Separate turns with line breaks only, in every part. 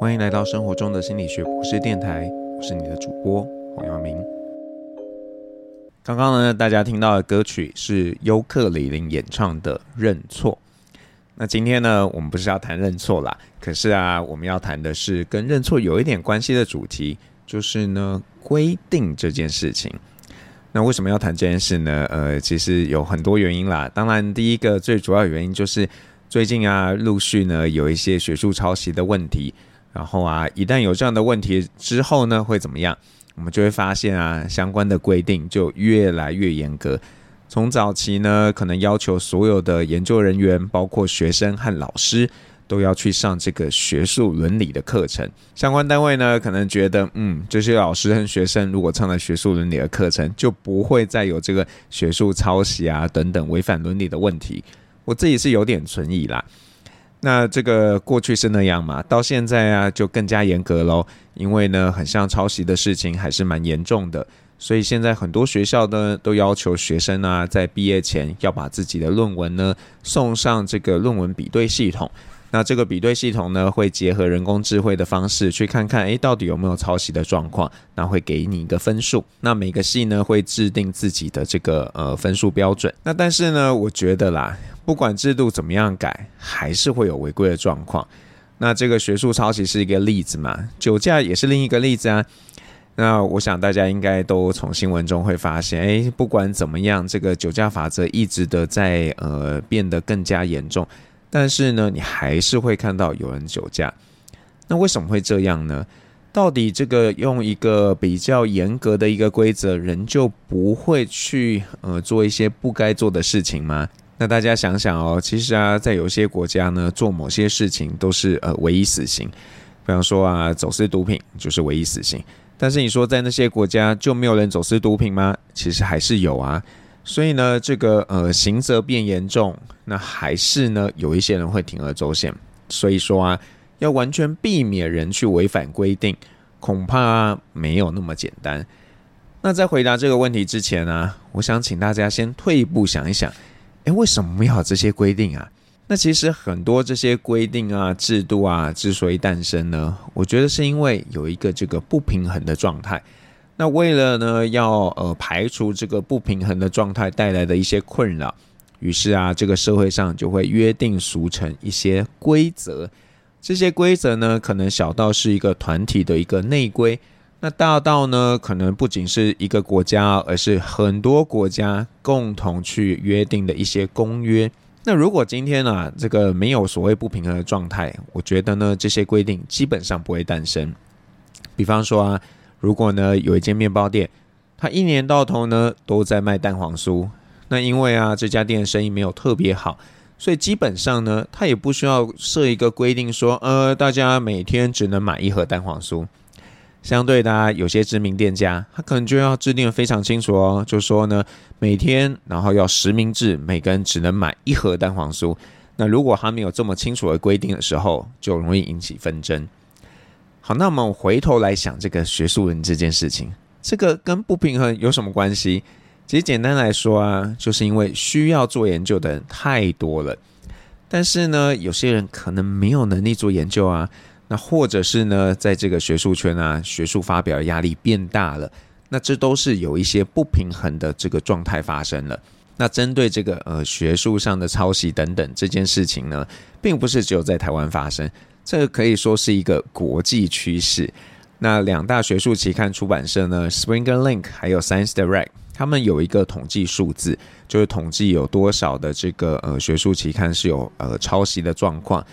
歡迎來到生活中的心理學博士電台，我是你的主播黃耀明。剛剛呢，大家聽到的歌曲是優客李林演唱的《認錯》。那今天呢，我們不是要談認錯啦，可是啊，我們要談的是跟認錯有一點關係的主題，就是呢，規定這件事情。那為什麼要談這件事呢？呃，其實有很多原因啦。當然，第一個最主要原因就是最近啊，陸續呢有一些學術抄襲的問題。然後啊，一旦有這樣的問題之後呢，會怎麼樣？我們就會發現啊，相關的規定就越來越嚴格。從早期呢，可能要求所有的研究人員，包括學生和老師，都要去上這個學術倫理的課程。相關單位呢，可能覺得，嗯，這些老師和學生如果上了學術倫理的課程，就不會再有這個學術抄襲啊等等違反倫理的問題。我自己是有點存疑啦。那這個過去是那樣嘛，到現在啊就更加嚴格嘍。因為呢，很像抄襲的事情還是蠻嚴重的，所以現在很多學校呢都要求學生啊，在畢業前要把自己的論文呢送上這個論文比對系統。那這個比對系統呢會結合人工智慧的方式去看看，哎，到底有沒有抄襲的狀況，那會給你一個分數。那每個系呢會制定自己的這個呃分數標準。那但是呢，我覺得啦。不管制度怎麼樣改，還是會有違規的狀況。那這個學術抄襲是一個例子嘛？酒駕也是另一個例子啊。那我想大家應該都從新聞中會發現，誒，不管怎麼樣，這個酒駕法則一直的在呃變得更加嚴重，但是呢，你還是會看到有人酒駕。那為什麼會這樣呢？到底這個用一個比較嚴格的一個規則，人就不會去呃做一些不該做的事情嗎？那大家想想哦，其實啊，在有些國家呢，做某些事情都是呃唯一死刑。比方說啊，走私毒品就是唯一死刑。但是你說在那些國家就沒有人走私毒品嗎？其實還是有啊。所以呢，這個呃刑責變嚴重，那還是呢有一些人會鋌而走險。所以說啊，要完全避免人去違反規定，恐怕沒有那麼簡單。那在回答這個問題之前呢啊，我想請大家先退一步想一想。誒，為什麼沒有這些規定啊？那其實很多這些規定啊、制度啊，之所以誕生呢，我覺得是因為有一個這個不平衡的狀態。那為了呢，要呃排除這個不平衡的狀態帶來的一些困擾，於是啊，這個社會上就會約定俗成一些規則。這些規則呢，可能小到是一個團體的一個內規。那大到呢？可能不僅是一個國家，而是很多國家共同去約定的一些公約。那如果今天啊，這個沒有所謂不平衡的狀態，我覺得呢，這些規定基本上不會誕生。比方說啊，如果呢有一間麵包店，他一年到頭呢都在賣蛋黃酥，那因為啊這家店的生意沒有特別好，所以基本上呢，他也不需要設一個規定說，呃，大家每天只能買一盒蛋黃酥。相對的啊，有些知名店家，他可能就要制定得非常清楚哦，就說呢，每天然後要實名制，每個人只能買一盒蛋黃酥。那如果他沒有這麼清楚的規定的時候，就容易引起紛爭。好，那我們回頭來想這個學術人這件事情，這個跟不平衡有什麼關係？其實簡單來說啊，就是因為需要做研究的人太多了，但是呢，有些人可能沒有能力做研究啊。那或者是呢，在這個學術圈啊，學術發表的壓力變大了，那這都是有一些不平衡的這個狀態發生了。那針對這個呃學術上的抄襲等等這件事情呢，並不是只有在台灣發生，這可以說是一個國際趨勢。那兩大學術期刊出版社呢，Springer Link 還有 Science Direct，他們有一個統計數字，就是統計有多少的這個呃學術期刊是有呃抄襲的狀況。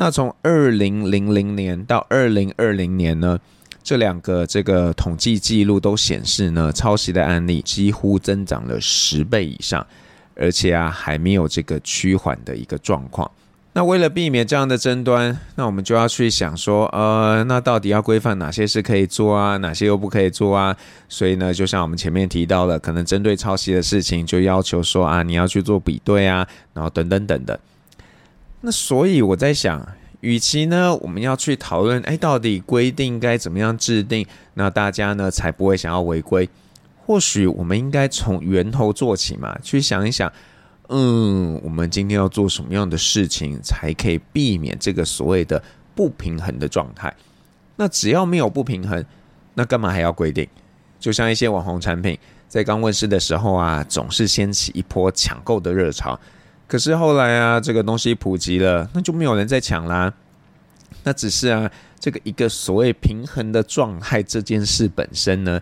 那從二零零零年到二零二零年呢，這兩個這個統計記錄都顯示呢，抄襲的案例幾乎增長了十倍以上，而且啊還沒有這個趨緩的一個狀況。那為了避免這樣的爭端，那我們就要去想說，呃，那到底要規範哪些是可以做啊，哪些又不可以做啊？所以呢，就像我們前面提到的，可能針對抄襲的事情，就要求說啊，你要去做比對啊，然後等等等等的。那所以我在想，與其呢，我們要去討論，哎，到底規定該怎麼樣制定，那大家呢才不會想要違規？或許我們應該從源頭做起嘛，去想一想，嗯，我們今天要做什麼樣的事情，才可以避免這個所謂的不平衡的狀態？那只要沒有不平衡，那幹嘛還要規定？就像一些網紅產品在剛問世的時候啊，總是掀起一波搶購的熱潮。可是後來啊，這個東西普及了，那就沒有人再搶啦。那只是啊，這個一個所謂平衡的狀態這件事本身呢，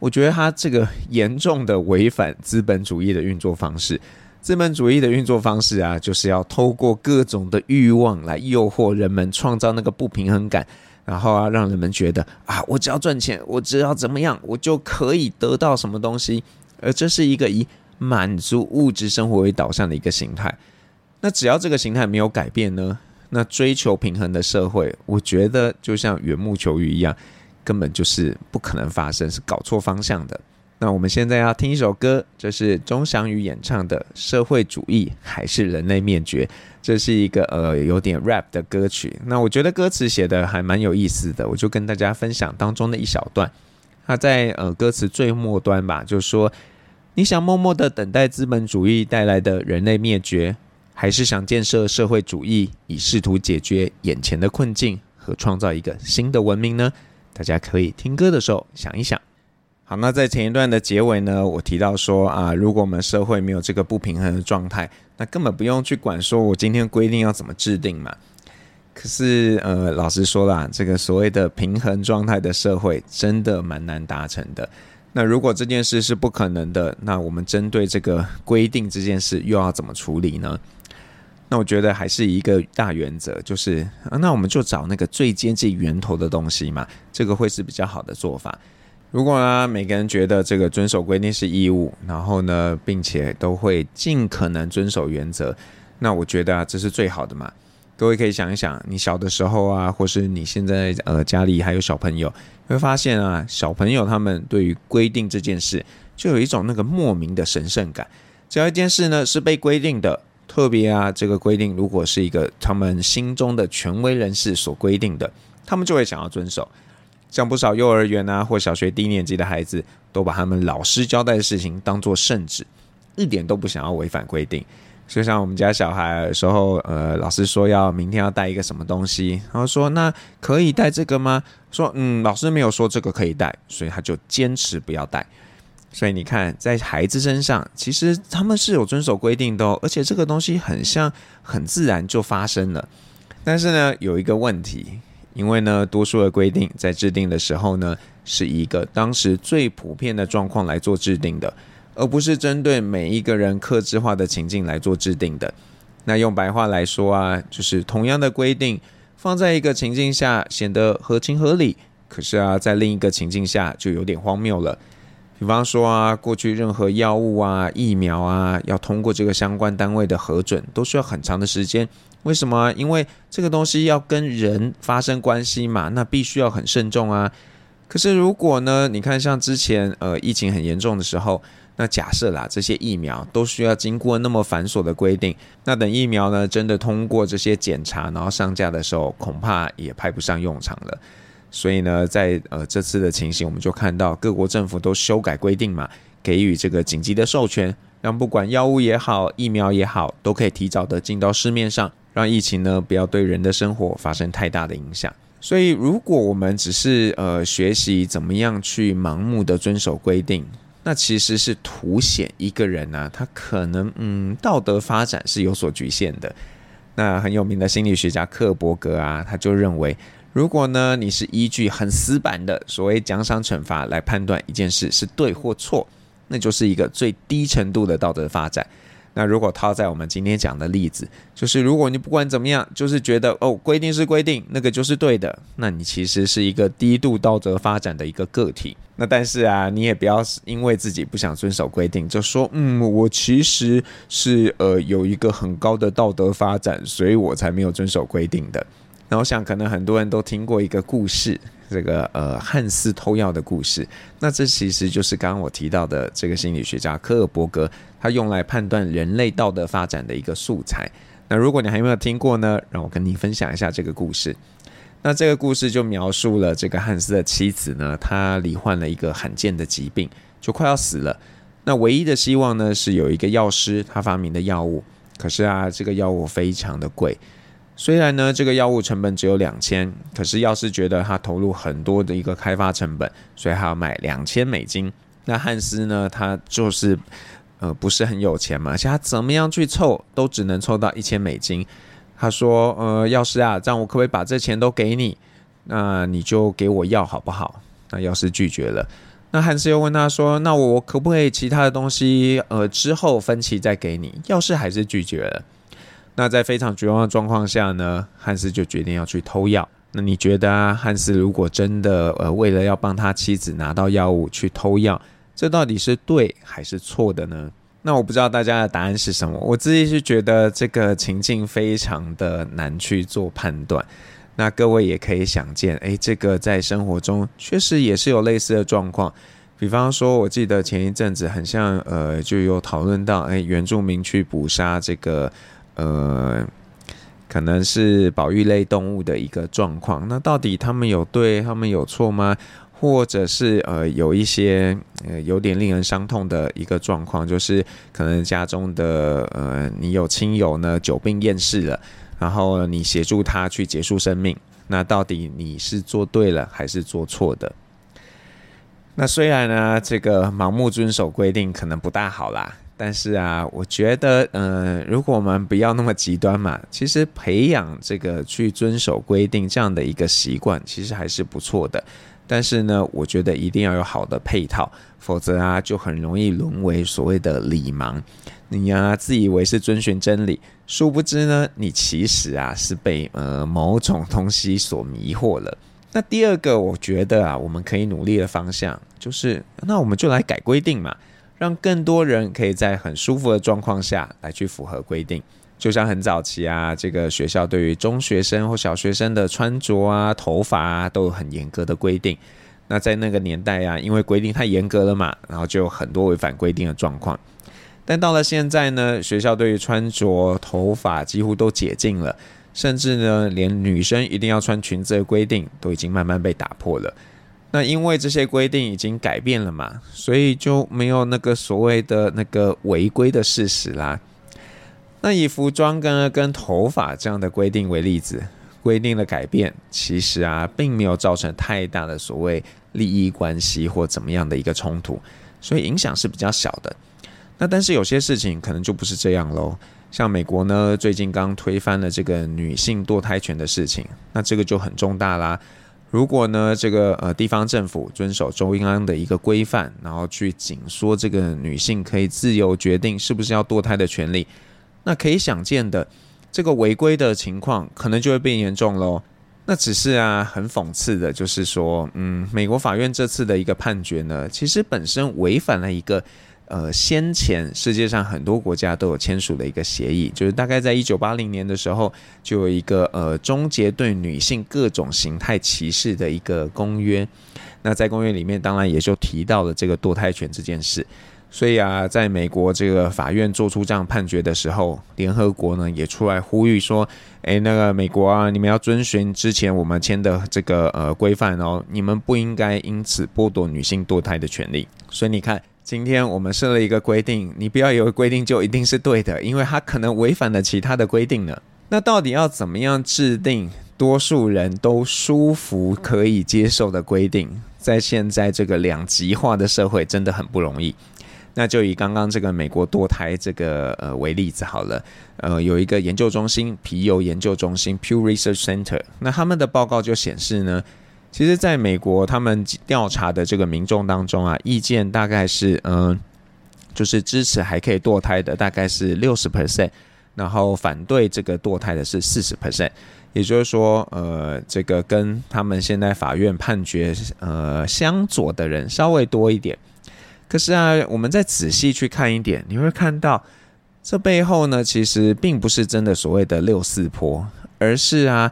我覺得它這個嚴重的違反資本主義的運作方式。資本主義的運作方式啊，就是要透過各種的慾望來誘惑人們，創造那個不平衡感，然後啊，讓人們覺得啊，我只要賺錢，我只要怎麼樣，我就可以得到什麼東西。而這是一個以。滿足物質生活為導向的一個形態，那只要這個形態沒有改變呢，那追求平衡的社會，我覺得就像緣木求魚一樣，根本就是不可能發生，是搞錯方向的。那我們現在要聽一首歌，就是鍾翔宇演唱的《社會主義還是人類滅絕》，這是一個呃有點 rap 的歌曲。那我覺得歌詞寫得還蠻有意思的，我就跟大家分享當中的一小段。那在呃歌詞最末端吧，就是說。你想默默的等待資本主義帶來的人類滅絕，還是想建設社會主義以試圖解決眼前的困境和創造一個新的文明呢？大家可以聽歌的時候想一想。好，那在前一段的結尾呢，我提到說啊，如果我們社會沒有這個不平衡的狀態，那根本不用去管說我今天規定要怎麼製定嘛。可是，呃，老實說啦，這個所謂的平衡狀態的社會，真的蠻難達成的。那如果這件事是不可能的，那我們針對這個規定這件事又要怎麼處理呢？那我覺得還是一個大原則，就是，啊，那我們就找那個最接近源頭的東西嘛，這個會是比較好的做法。如果呢，啊，每個人覺得這個遵守規定是義務，然後呢，並且都會盡可能遵守原則，那我覺得啊，這是最好的嘛。各位可以想一想，你小的時候啊，或是你現在呃家裡還有小朋友。會發現啊，小朋友他們對於規定這件事，就有一種那個莫名的神聖感。只要一件事呢，是被規定的，特別啊，這個規定如果是一個他們心中的權威人士所規定的，他們就會想要遵守。像不少幼兒園啊或小學低年級的孩子，都把他們老師交代的事情當作聖旨，一點都不想要違反規定。就像我們家小孩的時候，呃，老師說要明天要帶一個什麼東西，然後說那可以帶這個嗎？說嗯，老師沒有說這個可以帶，所以他就堅持不要帶。所以你看，在孩子身上，其實他們是有遵守規定的哦，而且這個東西很像很自然就發生了。但是呢，有一個問題，因為呢，多數的規定在制定的時候呢，是一個當時最普遍的狀況來做制定的。而不是針對每一個人客製化的情境來做制定的。那用白話來說啊，就是同樣的規定放在一個情境下顯得合情合理，可是啊，在另一個情境下就有點荒謬了。比方說啊，過去任何藥物啊、疫苗啊，要通過這個相關單位的核准，都需要很長的時間。為什麼啊？因為這個東西要跟人發生關係嘛，那必須要很慎重啊。可是如果呢，你看像之前呃疫情很嚴重的時候，那假設啦，這些疫苗都需要經過那麼繁瑣的規定，那等疫苗呢真的通過這些檢查，然後上架的時候，恐怕也派不上用場了。所以呢，在呃這次的情形，我們就看到各國政府都修改規定嘛，給予這個緊急的授權，讓不管藥物也好，疫苗也好，都可以提早的進到市面上，讓疫情呢不要對人的生活發生太大的影響。所以，如果我們只是呃學習怎麼樣去盲目的遵守規定，那其實是凸顯一個人呢、啊，他可能嗯道德發展是有所局限的。那很有名的心理學家克伯格啊，他就認為，如果呢你是依據很死板的所謂獎賞懲罰來判斷一件事是對或錯，那就是一個最低程度的道德發展。那如果套在我們今天講的例子，就是如果你不管怎麼樣，就是覺得哦規定是規定，那個就是對的，那你其實是一個低度道德發展的一個個體。那但是啊，你也不要因為自己不想遵守規定，就說嗯我其實是呃有一個很高的道德發展，所以我才沒有遵守規定的。那我想可能很多人都聽過一個故事。這個呃，漢斯偷藥的故事，那這其實就是剛剛我提到的這個心理學家科爾伯格，他用來判斷人類道德發展的一個素材。那如果你還沒有聽過呢，讓我跟你分享一下這個故事。那這個故事就描述了這個漢斯的妻子呢，她罹患了一個罕見的疾病，就快要死了。那唯一的希望呢，是有一個藥師他發明的藥物，可是啊，這個藥物非常的貴。雖然呢，這個藥物成本只有兩千，可是藥師覺得他投入很多的一個開發成本，所以他要賣兩千美金。那漢斯呢，他就是，呃，不是很有錢嘛，其他怎麼樣去湊，都只能湊到一千美金。他說，呃，藥師啊，這樣我可不可以把這錢都給你，那你就給我藥好不好？那藥師拒絕了。那漢斯又問他說，那我可不可以其他的東西，呃，之後分期再給你？藥師還是拒絕了。那在非常絕望的狀況下呢，漢斯就決定要去偷藥。那你覺得啊，漢斯如果真的呃，為了要幫他妻子拿到藥物去偷藥，這到底是對還是錯的呢？那我不知道大家的答案是什麼。我自己是覺得這個情境非常的難去做判斷。那各位也可以想見，欸，這個在生活中確實也是有類似的狀況。比方說，我記得前一陣子很像呃，就有討論到，欸，原住民去捕殺這個。呃，可能是保育類動物的一個狀況。那到底他們有對，他們有錯嗎？或者是呃，有一些呃，有點令人傷痛的一個狀況，就是可能家中的呃，你有親友呢，久病厭世了，然後你協助他去結束生命。那到底你是做對了還是做錯的？那雖然呢啊，這個盲目遵守規定可能不大好啦。但是啊，我覺得，嗯、呃，如果我們不要那麼極端嘛，其實培養這個去遵守規定這樣的一個習慣，其實還是不錯的。但是呢，我覺得一定要有好的配套，否則啊，就很容易淪為所謂的理盲。你啊，自以為是遵循真理，殊不知呢，你其實啊是被呃某種東西所迷惑了。那第二個，我覺得啊，我們可以努力的方向就是，那我們就來改規定嘛。讓更多人可以在很舒服的狀況下來去符合規定，就像很早期啊，這個學校對於中學生或小學生的穿着啊、頭髮啊都有很嚴格的規定。那在那個年代啊，因為規定太嚴格了嘛，然後就有很多違反規定的狀況。但到了現在呢，學校對於穿着、頭髮幾乎都解禁了，甚至呢，連女生一定要穿裙子的規定都已經慢慢被打破了。那因為這些規定已經改變了嘛，所以就沒有那個所謂的那個違規的事實啦。那以服裝跟跟頭髮這樣的規定為例子，規定的改變其實啊，並沒有造成太大的所謂利益關係或怎麼樣的一個衝突，所以影響是比較小的。那但是有些事情可能就不是這樣嘍。像美國呢，最近剛推翻了這個女性墮胎權的事情，那這個就很重大啦。如果呢，這個呃地方政府遵守周英安的一個規範，然後去緊縮這個女性可以自由決定是不是要墮胎的權利，那可以想見的，這個違規的情況可能就會變嚴重咯。那只是啊，很諷刺的就是說，嗯，美國法院這次的一個判決呢，其實本身違反了一個呃，先前世界上很多國家都有簽署的一個協議，就是大概在一九八零年的時候，就有一個呃終結對女性各種形態歧視的一個公約。那在公約裡面，當然也就提到了這個墮胎權這件事。所以啊，在美國這個法院做出這樣判決的時候，聯合國呢也出來呼籲說：“欸，那個美國啊，你們要遵循之前我們簽的這個呃規範哦，你們不應該因此剝奪女性墮胎的權利。”所以你看。今天我們設了一個規定，你不要以為規定就一定是對的，因為它可能違反了其他的規定呢。那到底要怎麼樣制定多數人都舒服、可以接受的規定？在現在這個兩極化的社會真的很不容易。那就以剛剛這個美國墮胎這個呃為例子好了，呃，有一個研究中心，皮尤研究中心 （Pew Research Center），那他們的報告就顯示呢。其實在美國，他們調查的這個民眾當中啊，意見大概是嗯、呃，就是支持還可以墮胎的大概是六十 percent，然後反對這個墮胎的是四十 percent，也就是說，呃，這個跟他們現在法院判決呃相左的人稍微多一點。可是啊，我們再仔細去看一點，你會看到這背後呢，其實並不是真的所謂的六四坡，而是啊，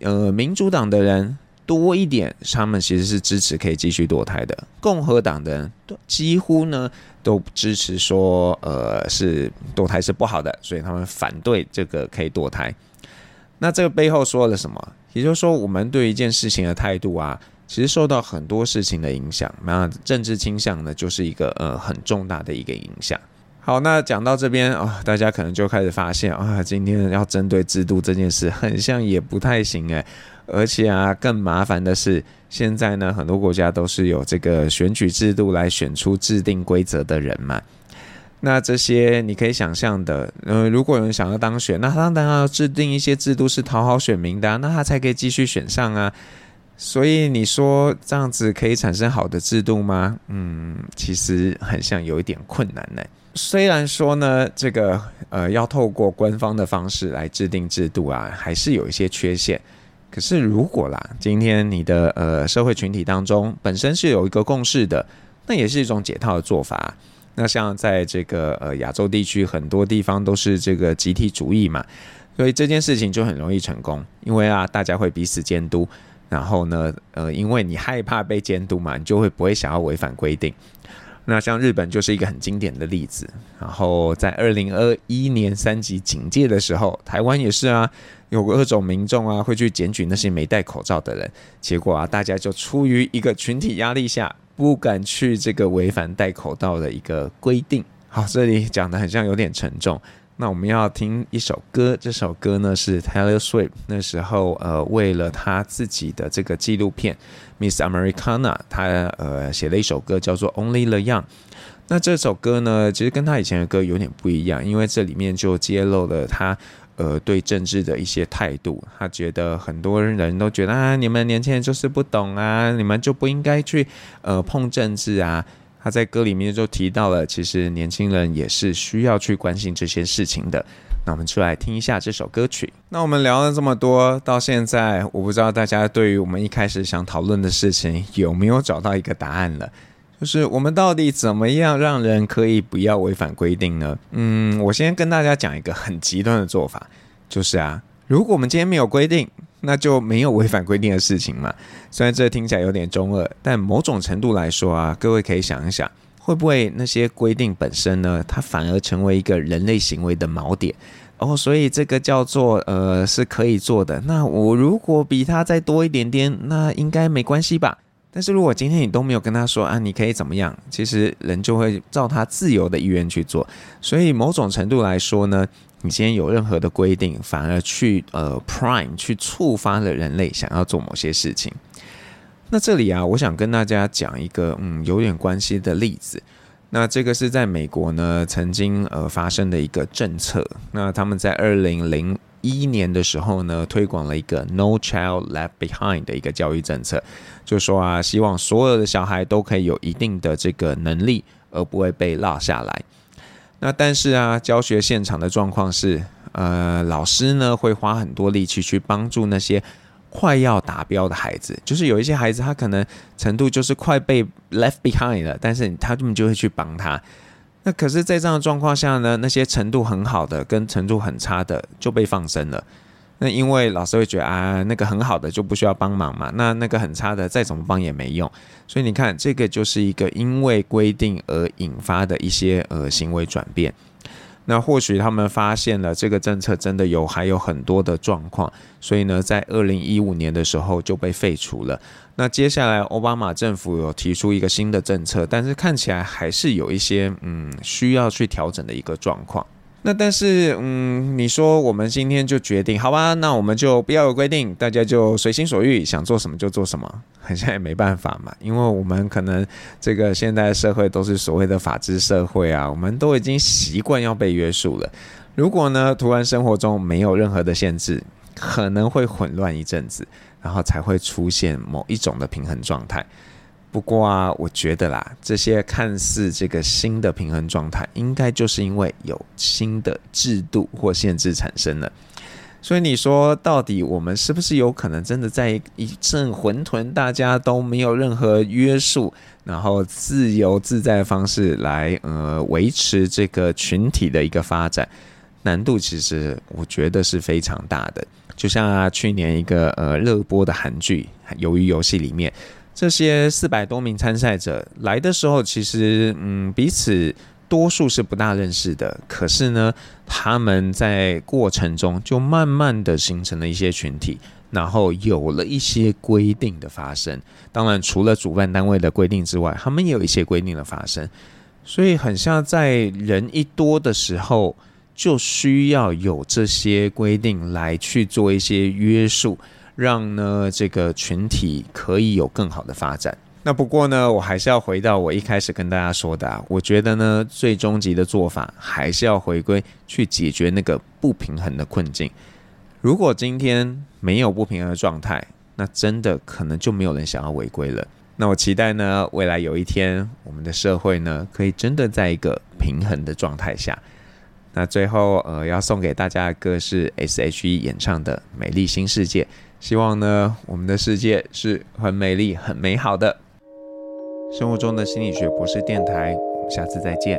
呃，民主黨的人。多一點，他們其實是支持可以繼續墮胎的。共和黨的人幾乎呢都支持說，呃，是墮胎是不好的，所以他們反對這個可以墮胎。那這個背後說了什麼？也就是說，我們對一件事情的態度啊，其實受到很多事情的影響。那政治傾向呢，就是一個呃很重大的一個影響。好，那講到這邊啊、哦，大家可能就開始發現啊、哦，今天要針對制度這件事，很像也不太行誒。而且啊，更麻煩的是，現在呢，很多國家都是有這個選舉制度來選出制定規則的人嘛。那這些你可以想象的，嗯、呃，如果有人想要當選，那他當然要制定一些制度是討好選民的、啊，那他才可以繼續選上啊。所以你說這樣子可以產生好的制度嗎？嗯，其實很像有一點困難呢、欸。雖然說呢，這個呃，要透過官方的方式來制定制度啊，還是有一些缺陷。可是，如果啦，今天你的呃社會群體當中本身是有一個共識的，那也是一種解套的做法。那像在這個呃亞洲地區，很多地方都是這個集體主義嘛，所以這件事情就很容易成功，因為啊，大家會彼此監督。然後呢，呃，因為你害怕被監督嘛，你就會不會想要違反規定。那像日本就是一個很經典的例子，然後在二零二一年三級警戒的時候，台灣也是啊，有各種民眾啊會去檢舉那些沒戴口罩的人，結果啊大家就出於一個群體壓力下，不敢去這個違反戴口罩的一個規定。好，這裡講得很像有點沉重。那我們要聽一首歌，這首歌呢是 Taylor Swift。那時候，呃，為了他自己的這個紀錄片《Miss Americana》呃，他呃寫了一首歌叫做《Only the Young》。那這首歌呢，其實跟他以前的歌有點不一樣，因為這裡面就揭露了他呃對政治的一些態度。他覺得很多人都覺得啊，你們年輕人就是不懂啊，你們就不應該去呃碰政治啊。他在歌裡面就提到了，其實年輕人也是需要去關心這些事情的。那我們出來聽一下這首歌曲。那我們聊了這麼多，到現在，我不知道大家對於我們一開始想討論的事情有沒有找到一個答案了，就是我們到底怎麼樣讓人可以不要違反規定呢？嗯，我先跟大家講一個很極端的做法，就是啊，如果我們今天沒有規定，那就沒有違反規定的事情嘛。雖然這聽起來有點中二，但某種程度來說啊，各位可以想一想，會不會那些規定本身呢，它反而成為一個人類行為的錨點哦？所以這個叫做呃是可以做的。那我如果比他再多一點點，那應該沒關係吧？但是如果今天你都沒有跟他說啊，你可以怎麼樣？其實人就會照他自由的意願去做。所以某種程度來說呢，你今天有任何的規定，反而去呃 Prime 去觸發了人類想要做某些事情。那這裡啊，我想跟大家講一個嗯有點關係的例子。那這個是在美國呢曾經呃發生的一個政策。那他們在二零零一年的時候呢，推廣了一個 No Child Left Behind 的一個教育政策，就說啊，希望所有的小孩都可以有一定的這個能力，而不會被落下來。那但是啊，教學現場的狀況是，呃，老師呢會花很多力氣去幫助那些快要達標的孩子，就是有一些孩子他可能程度就是快被 left behind 了，但是他們就會去幫他。那可是，在這樣的狀況下呢，那些程度很好的跟程度很差的就被放生了。那因為老師會覺得啊，那個很好的就不需要幫忙嘛，那那個很差的再怎麼幫也沒用，所以你看這個就是一個因為規定而引發的一些呃行為轉變。那或許他們發現了這個政策真的有還有很多的狀況，所以呢，在二零一五年的時候就被廢除了。那接下來奧巴馬政府有提出一個新的政策，但是看起來還是有一些嗯需要去調整的一個狀況。那但是，嗯，你說我們今天就決定好吧？那我們就不要有規定，大家就隨心所欲，想做什麼就做什麼。好像也沒辦法嘛，因為我們可能這個現代社會都是所謂的法治社會啊，我們都已經習慣要被約束了。如果呢，突然生活中沒有任何的限制，可能會混亂一陣子，然後才會出現某一種的平衡狀態。不過啊，我覺得啦，這些看似這個新的平衡狀態，應該就是因為有新的制度或限制產生的。所以你說，到底我們是不是有可能真的在一陣混沌，大家都沒有任何約束，然後自由自在的方式來呃維持這個群體的一個發展？難度其實我覺得是非常大的。就像啊，去年一個呃熱播的韓劇《魷魚遊戲》裡面。這些四百多名參賽者來的時候，其實嗯彼此多數是不大認識的。可是呢，他們在過程中就慢慢地形成了一些群體，然後有了一些規定的發生。當然，除了主辦單位的規定之外，他們也有一些規定的發生。所以，很像在人一多的時候，就需要有這些規定來去做一些約束。讓呢這個群體可以有更好的發展。那不過呢，我還是要回到我一開始跟大家說的啊，我覺得呢，最終極的做法還是要回歸去解決那個不平衡的困境。如果今天沒有不平衡的狀態，那真的可能就沒有人想要違規了。那我期待呢，未來有一天我們的社會呢，可以真的在一個平衡的狀態下。那最後，呃，要送給大家的歌是 S.H.E 演唱的《美麗新世界》。希望呢，我們的世界是很美麗、很美好的。生活中的心理學博士電台，下次再見。